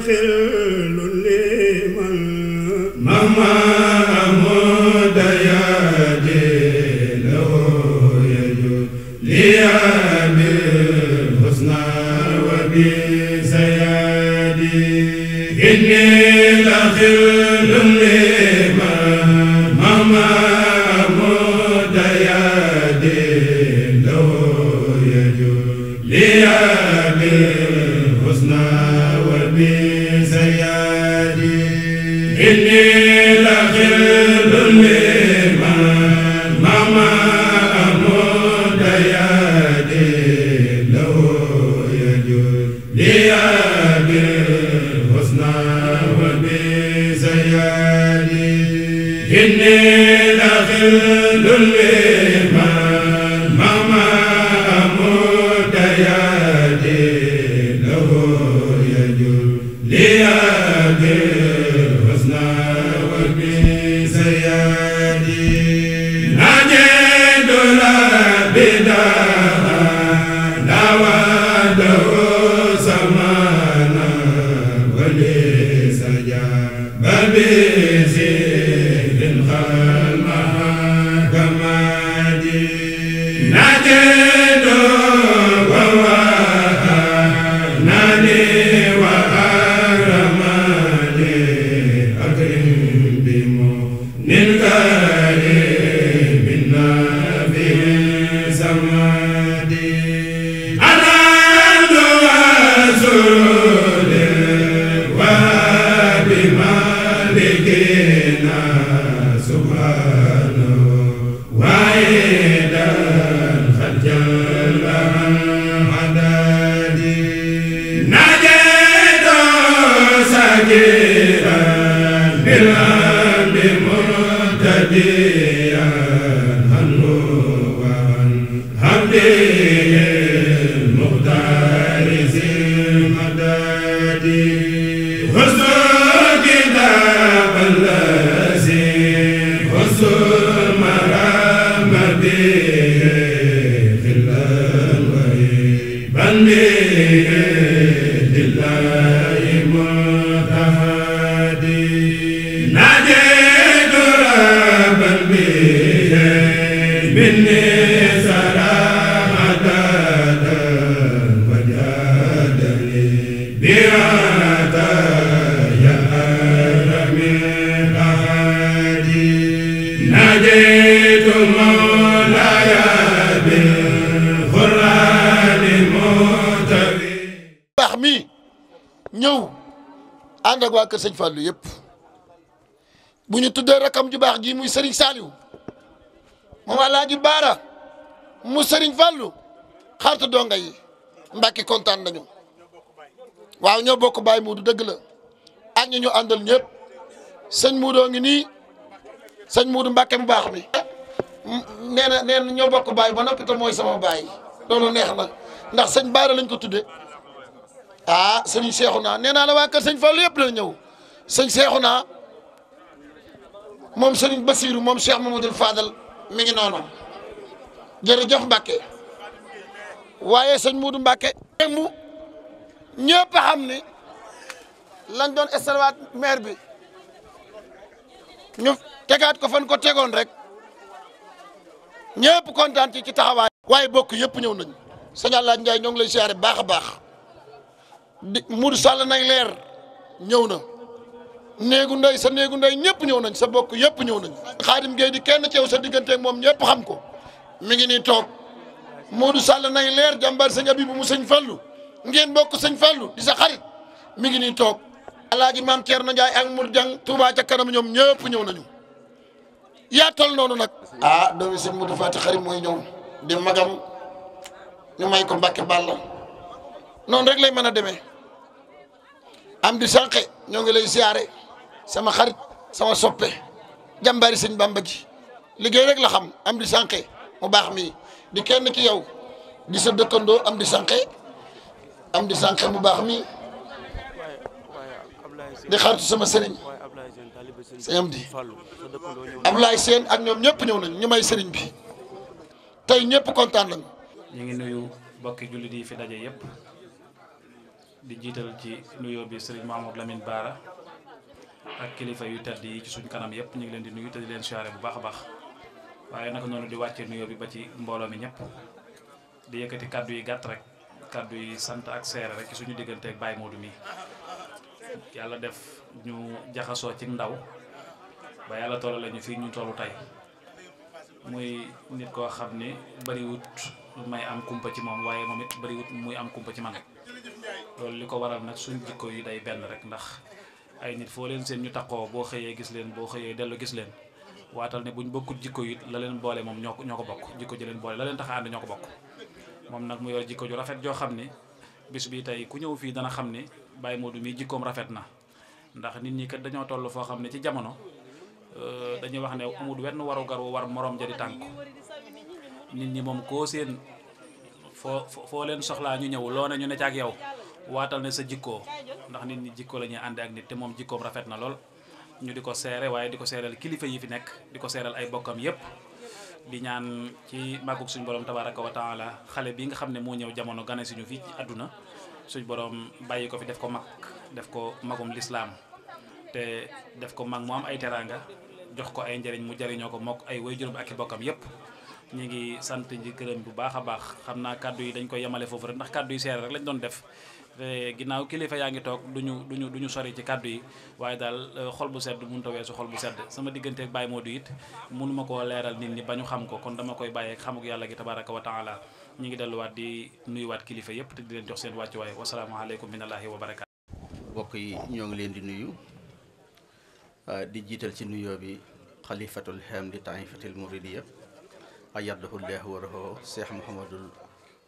خل لمن مهما inni la xil dul nil ka bene ak waa Kër Sëñ Fallou yëpp bu ñu tuddee rakam ju baax ji muy Serigne Saliou moom Alaaji Baara mu sëriñ Fallou xaritu donga yi Mbàkke kontaan nañu waaw ñoo bokk Baye Moodu dëgg la ak ñu ñu àndal ñëpp sëñ Moodu ngi nii sëñ Moodu Mbàkke mu baax mi nee na nee na ñoo bokk Baye ba noppi te mooy sama Baye loolu neex na ndax sëñ Baara lañ ko tuddee. ah sëñ Cheikhouna nee naa la waa kër sëñ Fallou yëpp la ñëw sëñ Cheikhouna moom sëñ Basirou moom Cheikh Mamadou Fadal mi ngi noonu jërëjëf Mbacke waaye sëñ Moudou Mbacke. mu ñëpp a xam ni lañ doon estalwaat maire bi ñu tegaat ko fan ko tegoon rek ñëpp kontaan ci ci taxawaay. waaye bokk yëpp ñëw nañ sëñ Alaaji Ndiaye ñoo ngi lay siyaare baax a baax. di Modou Sall nay leer ñëw na néegu ndey sa néegu ndey ñëpp ñëw nañ sa bokk yëpp ñëw nañ mu Géey di kenn ceew sa digganteeg moom ñëpp xam ko mi ngi nii toog Modou Sall nay leer jàmbaar sëñ Abibu mu sëñ Fallu ngeen bokk sëñ Fallu di sa xarit mi ngi nii toog alaaji maam Thierno Ndiaye ak Mour Diang Touba ca kanam ñoom ñëpp ñëw nañu yaatal noonu nag ah doomi sëñ Modou Fati xarit mooy ñëw di magam ñu may ko Mbàkke Bàlla noonu rek lay mën a demee am di sànqe ñoo ngi lay siyaare sama xarit sama soppe jambaari sëñ bàmba ji liggéey rek la xam am di sànqe mu baax mii di kenn ki yow di sa dëkkandoo am di sànqe am di sànqe mu baax mii di xaritu sama sëriñ sëñ am di Ablaye Sène ak ñoom ñëpp ñëw nañ ñu may sëriñ bi tey ñëpp kontaan nañ ñu ngi nuyu mbokki jullit yi fi daje yëpp di jiital ci nuyoo bi sëriñ Mamour Lamine Baara ak kilifa yu tedd yi ci suñ kanam yëpp ñu ngi leen di nuyu te di leen siyaare bu baax a baax waaye naka noonu di wàccee nuyoo bi ba ci mbooloo mi ñëpp di yëkkati kàddu yi gàtt rek kàddu yi sant ak seere rek ci suñu diggante ak Baye Modou mi yàlla def ñu jaxasoo ci ndaw ba yàlla tollu ñu fii ñu tollu tey muy nit koo xam ni bariwut may am kumpa ci moom waaye moom it bariwut muy am kumpa ci man loolu li ko waral nag suñ jikko yi day benn rek ndax ay nit foo leen seen ñu takkoo boo xëyee gis leen boo xëyee dellu gis leen waatal ne buñ bokkut jikko yi la leen boole moom ñoo ko ñoo ko bokk jikko ji leen boole la leen tax a ànd ñoo ko bokk moom nag mu yor jikko ju rafet joo xam ne bis bi tey ku ñëw fii dana xam ne Baye Modou mii jikkoom rafet na ndax nit ñi kat dañoo toll foo xam ne ci jamono euh, dañuy wax ne amul wenn warugar wu war morom ja di tànk nit ñi moom koo seen foo foo leen soxlaa ñu ñëw loo ne ñu ne ci ak yow waatal ne sa jikkoo ndax nit ñi jikko la ñuy àndee te moom jikkoom rafet na lool ñu di ko seere waaye di ko seeral kilifa yi fi nekk di ko seeral ay bokkam yépp di ñaan ci màggug suñu borom tabaraka wa taala xale bi nga xam ne moo ñëw jamono gane suñu fii ci àdduna suñ boroom bàyyi ko fi def ko mag def ko magum lislaam te def ko mag mu am ay teraanga jox ko ay njëriñ mu jariñoo ko mokk ay waajuram ak i bokkam yépp ñu ngi sant ji gërëm bu baax a baax xam naa kàddu yi dañ koy yemale foofu rek ndax kàddu yi seere rek lañ doon def Eh, ginnaaw kilifa yaa ngi toog duñu duñu duñu sori ci kàddu yi waaye daal eh, xol bu sedd mënut a weesu xol bu sedd sama diggante ak Baye Modou it mënuma koo leeral nit ñi ba ñu xam ko kon dama koy bàyyeeg xamuk yàlla gi tabaraka wa taala ñu ngi delluwaat di nuyuwaat kilifa yëpp te di leen jox seen wàcc wàccuwaay wasalaamaaleykum minallaahi wa barakaatu mbokk yi ñoo ngi leen di nuyu ah, di jiital ci nuyoo bi xalifatul hamdi taifatil muridiya ayyadahu llaahu wa rafahu Cheikh Mouhamadul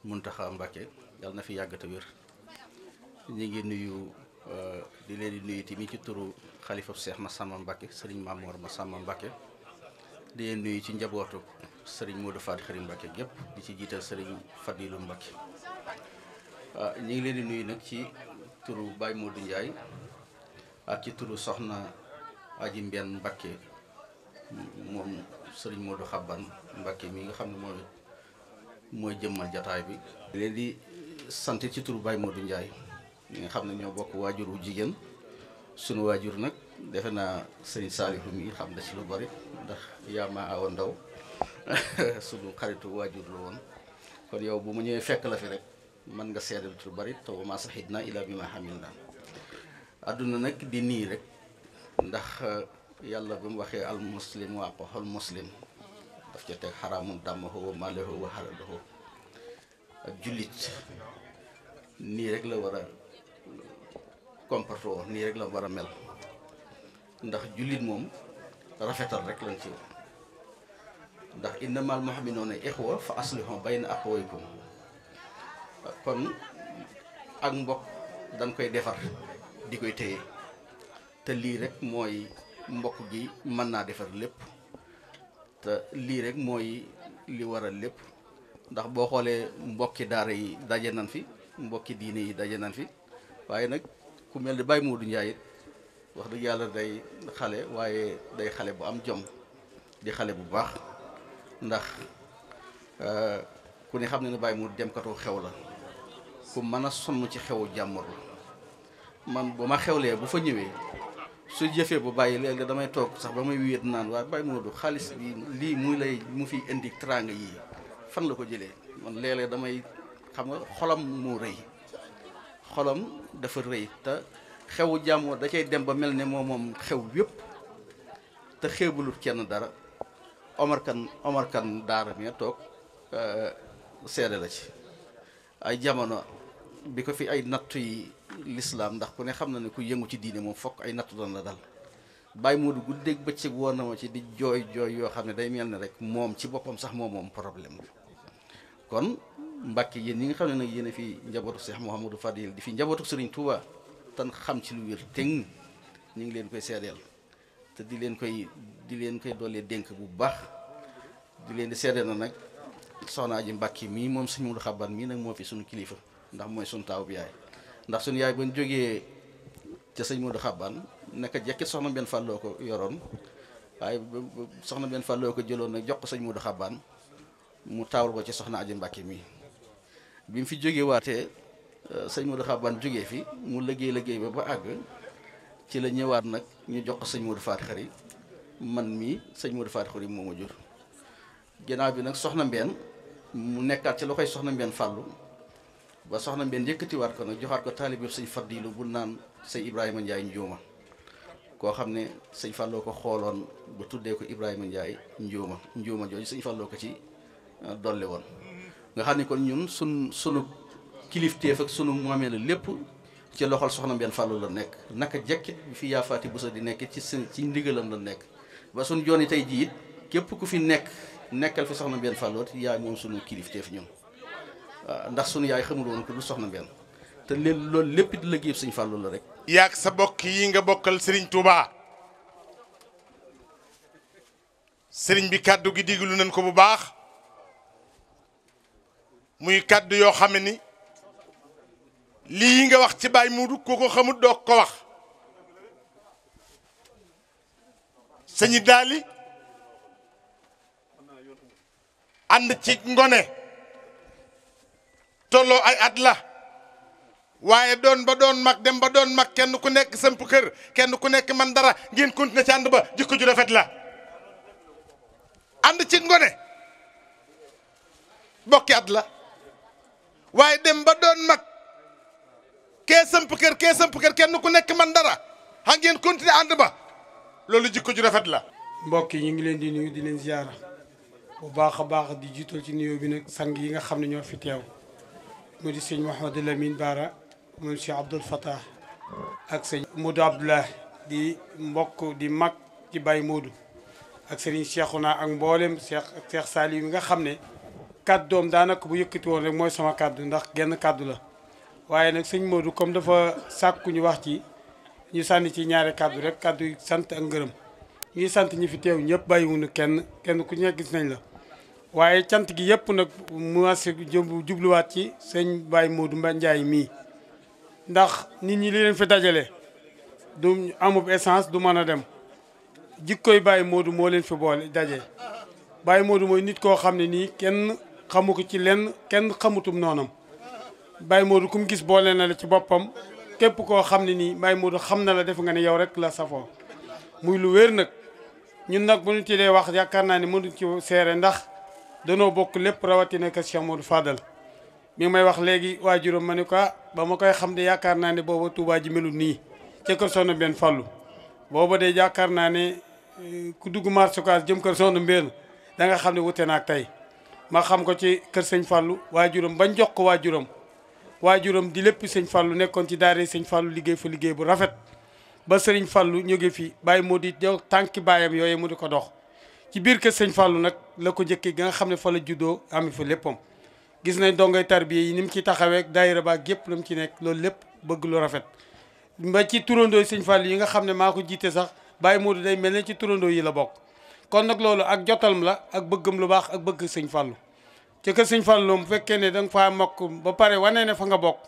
Mountakha Mbacké yàlla na fi yàgg te wér ñu ngi nuyu euh, di leen di nuyu tamit ci turu xalifa ma Massamba Mbacke sëriñ Mamour Massamba Mbacke di leen nuyu ci njabootu sëriñ Modou Fat Xarim Mbacke gépp di ci jiital sëriñ Fadilou Mbacke euh, ñu ngi leen di nuyu nag ci turu Baye Modou Ndiaye ak ci turu Soxna Aji Mbène moom sëriñ Modou Xabban Mbacke mii nga xam ne mooy mooy jëmmal jataay bi. leen di sant ci turu Baye Modou Ndiaye. ñi nga xam ne ñoo bokk waajur wu jigéen sunu waajur nag defe naa sëriñ Saalihu mi xam na si lu bari ndax yaa ma awa ndaw sunu xaritu waajur la woon kon yow bu ma ñëwee fekk la fi rek mën nga seedal lu bari te wa maa sahidnaa illaa bimaa hamilnaa adduna nag di nii rek ndax eh, yàlla bi mu waxee al muslim waa ko xol muslim daf ca teg xaraamun dàmmahu wa maalehu wa xalaluhu ak jullit nii rek la war comportement nii rek la war a mel ndax jullit moom rafetal rek lañ ci ndax innamal mu'minuuna ixwa fa aslihu bayna axawaykum kon ak mbokk danga koy defar di koy téye te lii rek mooy mbokk gi mën naa defar lépp te lii rek mooy li waral lépp ndax boo xoolee mbokki daara yi daje nañ fi mbokki diine yi daje nañ fi waaye nag ku mel ni Baye Modou njaay it wax dëgg yàlla day xale waaye day xale bu am jom di xale bu baax ndax ku ne xam ne ne Baye Modou dem katoo xew la ku mën a sonn ci xewu jàmbur la man bu ma xewlee bu fa ñëwee su jëfee bu bàyyi léeg damay toog sax ba may wéet naan waaye Baye du xaalis lii muy lay mu fi indi teraanga yi fan la ko jëlee man léeg damay xam nga xolam moo rëy xolam dafa rëy te xewu jàmmoo da cay dem ba mel ni moom moom xew yépp te xeebulut kenn dara omarkan omarkan Omar Kan daara mi toog euh, seede la ci ay jamono bi ko fi ay natt yi lislaam ndax ku ne xam na ne ku yëngu ci diine moom fokk ay natt doon la dal bàyyi moo du guddeeg bëccëg woon na ma ci di jooy jooy yoo xam ne day mel ne rek moom ci boppam sax moom moom problème kon Mbàkke yéen ñi nga xam ne nag yéen a fi njabootu Cheikh Mouhamadou Fadil di fi njabootu Serigne Touba tan xam ci lu wér teng ñu ngi leen koy seedeel te di leen koy di leen koy doolee dénk bu baax di leen di seedeel na nag soxna Aji Mbàkke mii moom Serigne Modou Xaban mii nag moo fi suñu kilifa ndax mooy suñu taaw bi yaay ndax suñu yaay bañ jógee ca Serigne Modou Xaban naka jekki soxna benn fàlloo ko yoroon waaye soxna benn fàlloo ko jëloon nag jox ko Serigne Modou Xaban mu taawul ko ci soxna Aji Mbàkke mii bi mu fi jóge waatee euh, sëñ Modou Xaban jógee fi mu liggéey liggéey ba ba àgg ci la ñëwaat nag ñu jox ko sëñ Modou Faat Xari man mii sëñ Modou Faat Xari moo ma jur ginnaaw bi nag soxna Mbeen mu nekkaat ci loxoy soxna Mbeen fàllu ba soxna Mbeen yëkkatiwaat ko nag joxaat ko taalib yëpp sëñ Fadilu bu naan sëñ Ibrahima Ndiaye Njuuma koo xam ne sëñ Falloo ko xooloon ba tuddee ko Ibrahima Ndiaye Njuuma Njuuma jooju sëñ Falloo ko ci euh, dolli woon nga xam ne kon ñun sun sunu kilifteef ak sunu moomee la lépp ci loxol soxna Mbène Fallou la nekk naka jekkit bi fi yaa bu sa di nekk ci seen ci ndigalam la nekk ba suñ jooni tey jii képp ku fi nekk nekkal fi soxna Mbène Fallou yaay moom sunu kilifteef ñun ndax sunu yaay xamul woon ko du soxna Mbène te leen lool lépp di la géeb sëñ Fallou la rek yaag sa bokk yi nga bokkal Serigne Touba sëriñ bi kàddu gi diglu nañ ko bu baax muy kàddu yoo xam ne ni lii nga wax ci baay Modou ku ko xamut doo ko wax sëñi daali ànd ci ngone tolloo ay at la waaye doon ba doon mag dem ba doon mag kenn ku nekk samp kër kenn ku nekk man dara ngeen continuer ci ànd ba jikko ju rafet la ànd ci ngone bokki at la waaye dem ba doon mag kee samp kër kee samp kër kenn ku nekk man dara xa ngeen ànd ba loolu jikko ju rafet la mbokk yi ñu ngi leen di nuyu di leen ziara bu baax a baax di jiital ci nuyoo bi na sang yi nga xam ne ñoo fi teew mu di sëñ Mouhamadou Lamine Bara mu sëñ Abdoul Fatah ak sëñ Modou Abdoulaye di mbokk di mag ci Baye Modou ak sëriñ naa ak mboolem Cheikh Cheikh Saliou nga xam ne kàddoom daanaka bu yëkkati woon rek mooy sama kàddu ndax genn kàddu la waaye nag sëñ moodu comme dafa sàkku ñu wax ci ñu sànni ci ñaari kàddu rek kàddu yi sant ak ngërëm ñuy sant ñi fi teew ñëpp bàyyiwuñu kenn kenn ku nekk gis nañ la. waaye cant gi yëpp nag mu jubluwaat ci sëñ Baye Modou Mbaye Ndiaye mii ndax nit ñi li leen dajale du amub essence du mën a dem jikkoy Baye Modou moo leen fi boole daje Baye Modou mooy nit koo xam ne nii kenn. xamu ko ci lenn kenn xamutum noonam Baye Modou ku mu gis boole na la ci boppam képp koo xam ne nii Baye Modou xam na la def nga ne yow rek la safoo muy lu wér nag ñun nag bu ñu ci dee wax yaakaar naa ne mënuñ ci seere ndax danoo bokk lépp rawatina kër Cheikh Modou Fadal mi may wax léegi waa waajuram ma ni ko ah, ba ma koy xam de yaakaar naa ne booba Touba ji melul nii ca kër Soxna Mbène Fallou booba dee yaakaar naa ne eh, ku dugg marché Ocass jëm kër Soxna Mbène da nga xam ne wute naag tey ma xam ko ci kër sëñ Fallou waajuram bañ jox ko waajuram waajuram di lépp sëñ Fallou nekkoon ci daare sëñ Fallou liggéey fa liggéey bu rafet ba sëriñ Fallou jóge fii bàyyi moo di jox tànki baayam yooyu mu di ko dox ci biir kër sëñ Fallou nag la ko njëkkee nga xam ne fa la juddoo ami fa léppam gis nañ dongay tarbiya yi ni mu ci taxawee daayira ba ak yëpp lu mu ci nekk loolu lépp bëgg lu rafet ba ci turandoo sëñ Fallou yi nga xam ne maa ko jiite sax bàyyi moo day mel ne ci turandoo yi la bokk kon nag loolu ak jotalam la ak bëggam lu baax ak bëgg sëñ Fallou ci kër sëñ Fallou mu fekkee ne da nga faa mokk ba pare wanee ne fa nga bokk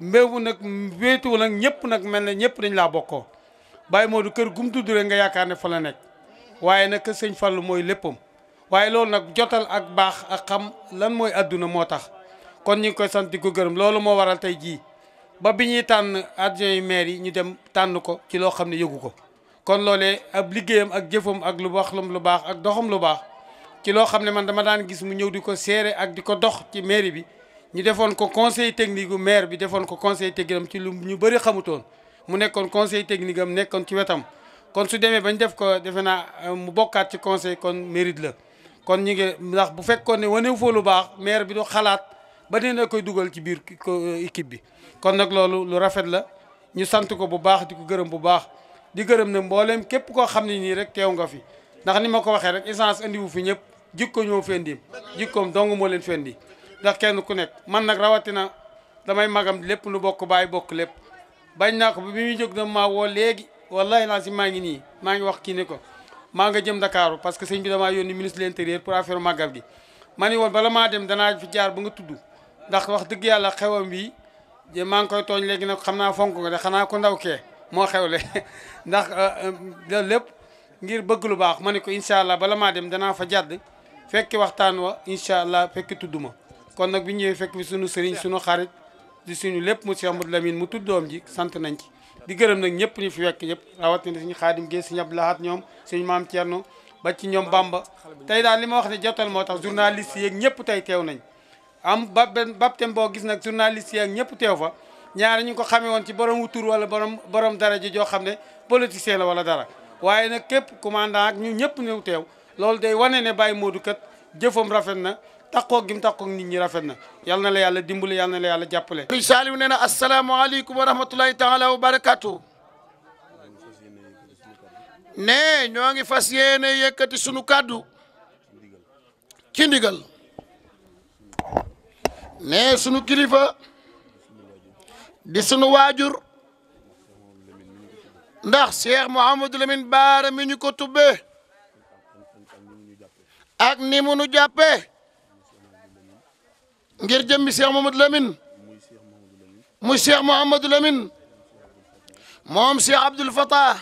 mbéwu nag wéetuwu nag ñëpp nag mel ne ñëpp dañ laa bokkoo bàyyi moo du kër gum tudd rek nga yaakaar ne fa la nekk waaye nag sëñ Fallou mooy léppam waaye loolu nag jotal ak baax ak xam lan mooy àdduna moo tax kon ñu ngi koy sant di ko gërëm loolu moo waral tey jii ba bi ñuy tànn adjoint yi maire yi ñu dem tànn ko ci loo xam ne yëgu ko kon loole ab liggéeyam ak jëfam ak lu wax lu baax ak doxam lu baax ci loo xam ne man dama daan gis mu ñëw di ko seere ak di ko dox ci maire bi ñu defoon ko conseil technique gu maire bi defoon ko conseil technique am ci lu ñu bëri xamutoon mu nekkoon conseil technique am nekkoon ci wetam kon su demee bañ def ko defe naa euh, mu bokkaat ci conseil kon mérite la kon ñu ngi ndax bu fekkoon ne wane foo lu baax maire bi du xalaat ba dina koy dugal ci biir euh, équipe bi kon nag loolu lu rafet la ñu sant ko bu baax di ko gërëm bu baax di gërëm ne mbooleem képp koo xam ne nii rek teew nga fi ndax ni ma ko waxee rek essence andiwu fi ñëpp jikko ñoo fendim jikkoom dong moo leen fendi ndax kenn ku nekk man nag rawatina damay magam lépp lu bokk bàyyi bokk lépp bañ naa ko bi muy jóg na maa woo léegi wallahi laa maa ngi nii maa ngi wax kii ne ko maa nga jëm ndakaaru parce que sëñ bi damaa yónni ministre de l'intérieur pour affaire màggal gi ma ni woon bala maa dem danaa fi jaar ba nga tudd ndax wax dëgg yàlla xewam bi maa ngi koy tooñ léegi nag xam naa fonk nga xanaa ko ndaw kee moo xewle ndax euh, euh, loolu lépp ngir bëgg lu baax ma ne ko incha allah bala maa dem danaa fa jàdd fekki waxtaan wa incha allah fekki tudd ma kon nag bi ñëwee fekk fi sunu sëriñ sunu xarit di suñu lépp mu Cheikh Amadou Lamine mu tuddoom ji sant nañ ci di gërëm nag ñëpp ñu fi wekk ñëpp rawatina suñu xaadim Guèye suñu Abdou Lahat ñoom suñu maam Thierno ba ci ñoom Bamba tey daal li ma wax ne jotal moo tax journaliste yeeg ñëpp tey teew nañ am ba baptême boo gis nag journaliste yeeg ñëpp teew fa ñaari ñu ko xamee woon ci borom wutur wala borom borom dara ji joo xam ne politicien la wala dara waaye na képp commandant ak ñu ñëpp ñëw teew loolu day wane ne Baye Modou kat jëfam rafet na taqoog gim taqoog nit ñi rafet na yal na la yàlla dimbali yal na la yàlla jàppale. Sëriñ Saliou nee na asalaamaaleykum wa rahmatulahi taala wa barakaatu. ne ñoo ngi fas yéene yëkkati sunu kàddu ci ndigal ne sunu kilifa. di sunu waajur ndax Cheikh Mouhamadou Lamine Baara mi ñu ko tubbee ak ni mu nu jàppee ngir jëmbi Cheikh Mouhamadou Lamine muy Cheikh Mouhamadou Lamine moom Cheikh Abdoul Fatah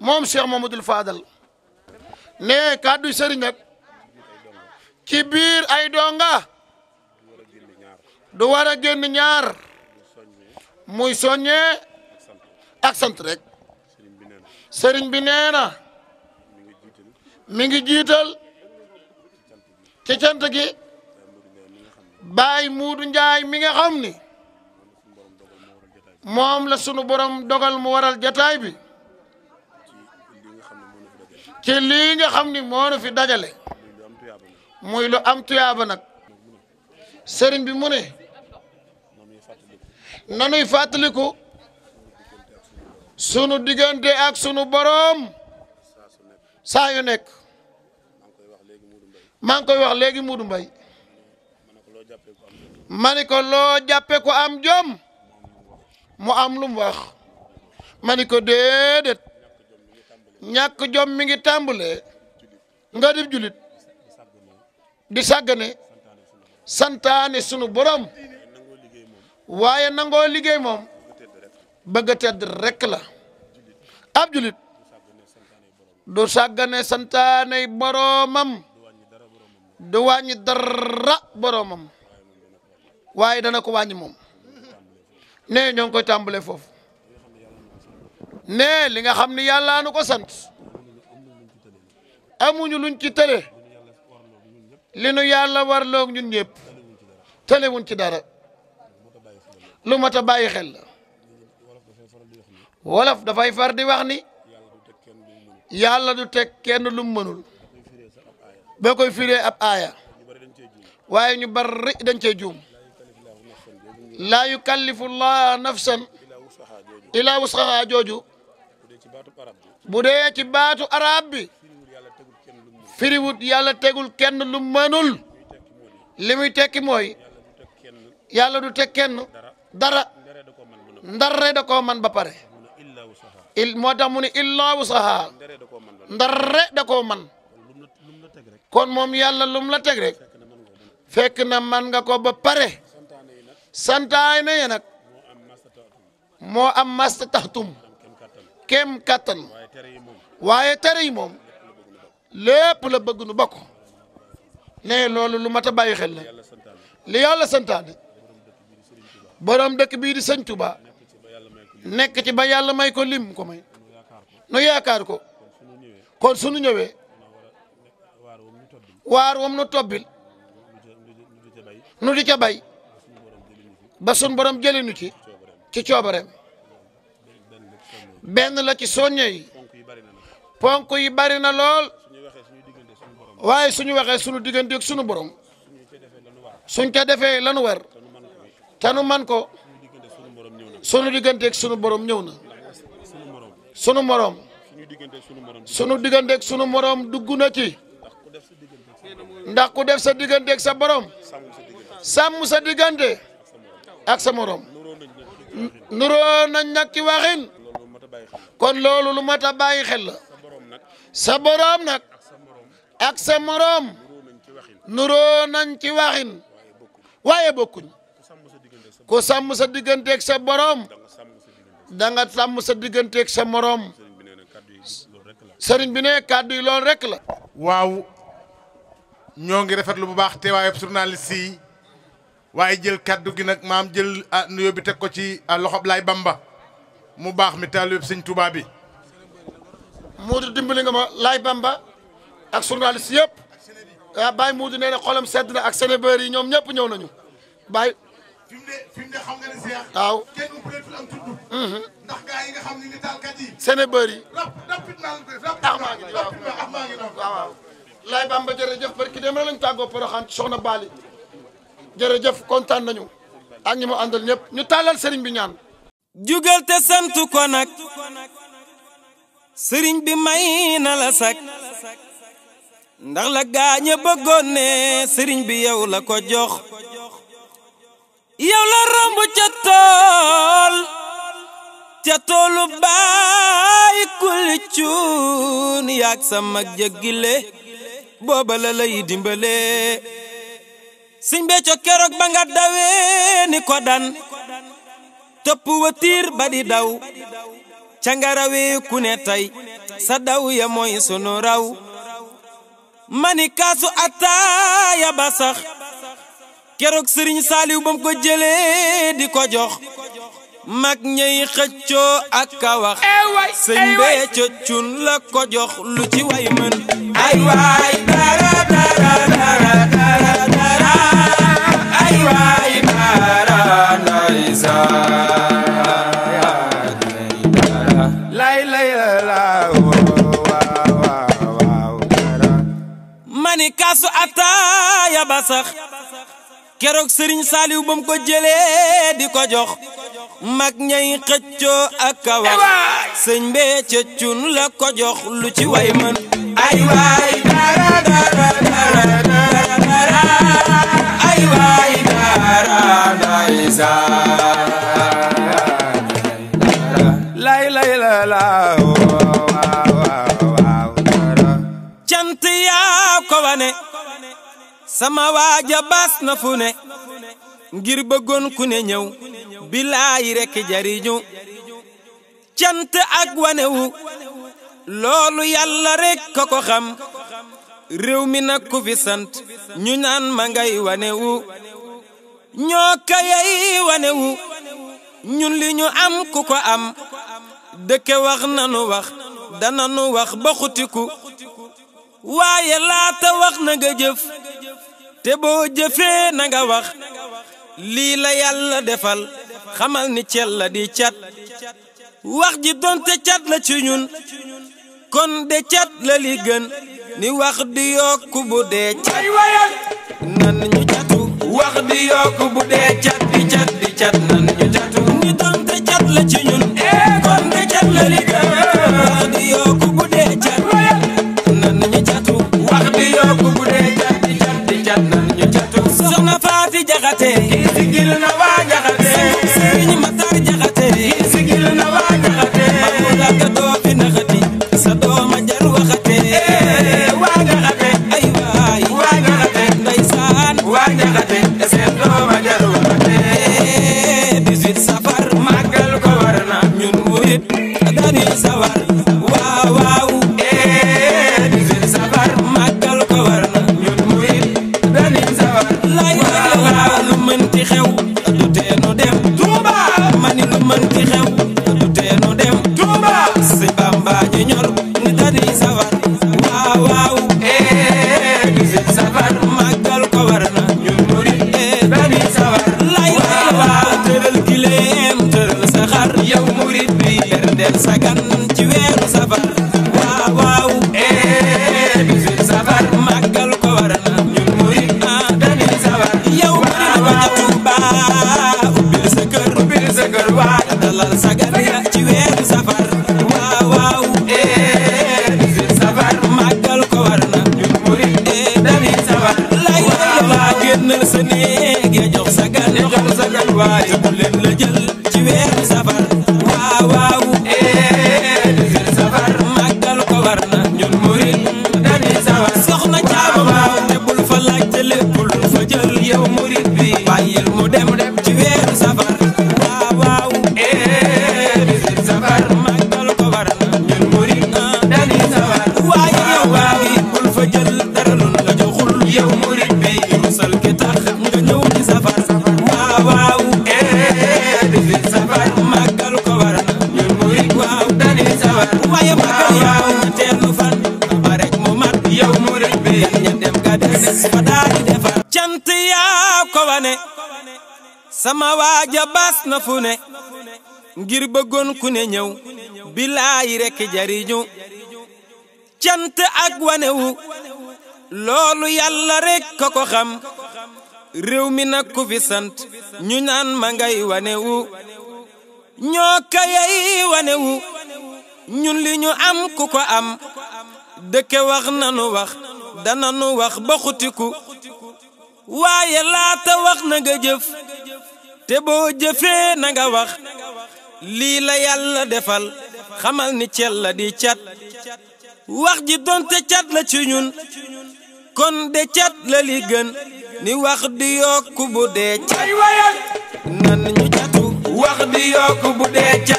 moom Cheikh Mouhamadou Fadal ne kàddu sëriñ ci biir ay donga du war a génn ñaar muy soññee ak sant rek sëriñ bi nee na mi ngi jiital ci cant gi Baay Muudu Njaay mi nga xam ni moom la sunu borom dogal mu waral jataay bi ci lii nga xam ni moo nu fi dajale muy lu am tuyaaba nag sëriñ bi mu ne nanuy fàttaliku sunu diggante ak sunu boroom saa yu nekk maa ngi koy wax léegi Muudu Mbay ma ni ko loo jàppe ko am jom mu am lu mu wax ma ni ko déedéet ñàkk jom mi ngi tàmbalee nga dib julit di sàggane santaane sunu borom waaye nangoo liggéey moom bëgg a tedd rek la ab julit du sàggane santaaney boroomam du wàññi dara boroomam waaye dana ko wàññi moom nee ñoo ngi koy tàmbale foofu nee li nga xam ne yàlla nu ko sant amuñu luñ ci tële li nu yàlla warloog ñun ñëpp tëlewuñ ci dara lu mat a bàyyi xel la wolof dafay far di wax ni yàlla du teg kenn lu mu mënul boo koy firee ab aaya waaye ñu bari dañ cee juum laa yukallifu llah nafsan ilaa wusxahaa jooju bu dee ci baatu arab bi firiwut yàlla tegul kenn lu mënul li muy tekki mooy yàlla du te kenn dara ndarre da koo man ba pare il moo tax mu ne illaa wusaha ndarre da koo man kon moom yàlla lum la teg rek fekk na man nga ko ba pare santaay na ye nag moo am masta taxtum kem kattan waaye tere yi moom lépp la bëgg nu ba ko ne loolu lu mat bàyyi xel la li yàlla santaane borom dëkk bii di sëñ Touba nekk ci ba yàlla may ko lim ko may nu yaakaar ko kon sunu ñëwee waar wam nu tobbil nu di ca bay ba sun borom jëlee nu ci ci coobareem benn la ci soññe yi ponk yi bari na lool waaye suñu waxee sunu diggante ak sunu borom suñ ca defee la nu war te nu man ko sunu digganteeg sunu borom ñëw na sunu morom sunu digganteek sunu morom dugg na ci ndax ku def sa digganteek sa borom sàmm sa diggante ak sa morom nuroo nañ nag ci waxin kon loolu lu mat a bàyyi xel la sa borom nag ak sa morom nuroo nañ ci waxin waaye bokkuñ ku sàmm sa digganteek sa borom da nga sàmm sa digganteek sa morom sëriñ bi ne kàdduy yi loolu rek la. waaw ñoo ngi rafetlu bu baax teewaayub journaliste yi waaye jël kàddu gi nag maam jël ah, nuyoo bi teg ko ci ah, loxob laay bamba mu baax mi taalib sëñ Tuubaa bi. Moodu dimbali nga ma laay bamba ak journaliste yëpp ah Baye Moodu nee na xolam sedd na ak sénébar yi ñoom ñëpp ñëw nañu Baye. fi mu ne fi mu ne xam nga ne Cheikh. waaw kenn ubbeetul am tudd. Mm-hmm. ndax gars yi nga xam ne ni taalkat yi. Sénégal yi. rap rapide naa la koy rapide naa la koy rapide maa ngi noonu waaw waaw. Laye Bamba jërëjëf barki dem na lañ tàggoo Porokhane soxna Bali jërëjëf kontaan nañu ak ñi mu àndal ñëpp ñu tàllal sëriñ bi ñaan. jugal te sant ko nag sëriñ bi may na la sak ndax la gaañ a bëggoon ne sëriñ bi yow la ko jox. yow la romb ca tool baay kulli cuun yaag sa mag booba la lay dimbale siñ becco keroog ba nga dawee ni ko ba di daw ca nga sa daw ya mooy sunu raw mani kaasu attaaya ba keroog sëriñ saaliw bam ko jëlee di ko jox mag ñay xëccoo ak ka wax sëñ bee cun la ko jox lu ci way ay waay dara dara dara dara ay waay dara ndeysaan mani ataaya ba keroog sëriñ saaliw ba ko jëlee di ko jox mag ñay xëccoo ak kawax sëñ bee cëccun la ko jox lu ci way mën ay waay dara dara dara dara ay waay dara lay lay sama waaja baas na fu ne ngir bëggoon ku ne ñëw bilaay rekk jariñu cant ak wanewu loolu yàlla rekk ko xam réew mi nag ku fi sant ñu naan ma ngay wanewu ñoo kayay wanewu ñun li ñu am ku ko am dëkke wax nanu wax dananu wax ba xutiku waaye laata wax na nga te boo jëfee nanga nga wax lii la yàlla defal xamal ni cel la di cat wax ji donte cat la ci ñun kon de cat la li gën ni wax di yokk bu dee cat di cat di cat nan ñu catu ni donte cat la ci ñun eh, kon de cat la li eh, eh. wax di yokk bu dee cat nan ñu catu wax di yokk soxna Faati Jaxate kii sigilu na waa Jaxate sëriñ Matar ma daal di defar cant yaa ko wane sama waaja baas na fu ne ngir bëggoon ku ne ñëw bilaay rekk jariñu cant ak wanewu loolu yàlla rekk a ko xam réew mi nag ku fi sant ñu naan ma ngay wanewu ñoo kayay wanewu ñun li ñu am ku ko am dëkke wax nanu wax dana dananu wax ba xutiku waaye laata wax na nga jëf te boo jëfee na wax lii la yàlla defal xamal ni cel la di cat wax ji donte cat la ci ñun kon de cat la li ni wax di yokku bu dee cat nan ñu catu wax di yokku bu dee cat